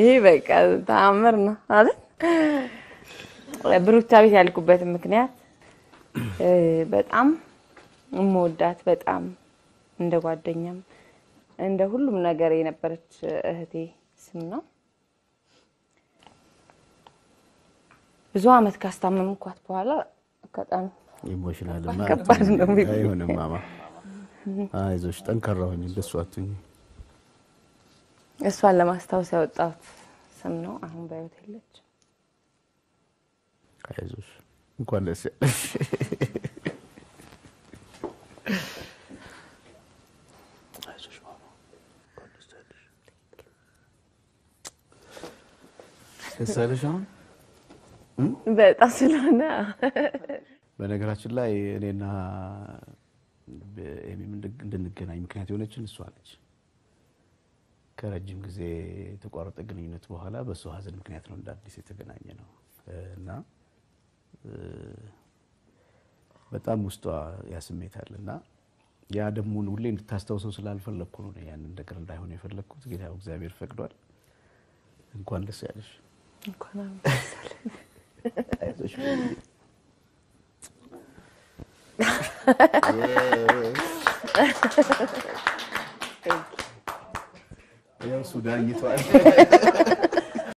ይህ በቃ ተአምር ነው አይደል? ብሩክታ ቤት ያልኩበት ምክንያት በጣም እምወዳት በጣም እንደ ጓደኛም እንደ ሁሉም ነገር የነበረች እህቴ ስም ነው። ብዙ አመት ካስታመምኳት በኋላ አጋጣሚ ኢሞሽናል ከባድ ነው። አይዞሽ፣ ጠንካራ ሁኚ፣ እንደሷ አትሁኚ እሷን ለማስታወስ ያወጣት ስም ነው። አሁን በት የለች። አይዞሽ፣ እንኳን ደስ ያለሽ። በጣም ስለሆነ በነገራችን ላይ እኔና እንድንገናኝ ምክንያት የሆነችን እሷ ነች። ከረጅም ጊዜ የተቋረጠ ግንኙነት በኋላ በእሱ ሀዘን ምክንያት ነው እንደ አዲስ የተገናኘ ነው እና በጣም ውስጧ ያስሜታል እና ያ ደግሞ ሁሌ እንድታስታውሰው ስላልፈለግኩ ነው ያንን ነገር እንዳይሆን የፈለግኩት። ጌታ እግዚአብሔር ፈቅዷል። እንኳን ደስ ያለሽ። እንኳን fuder, you twat.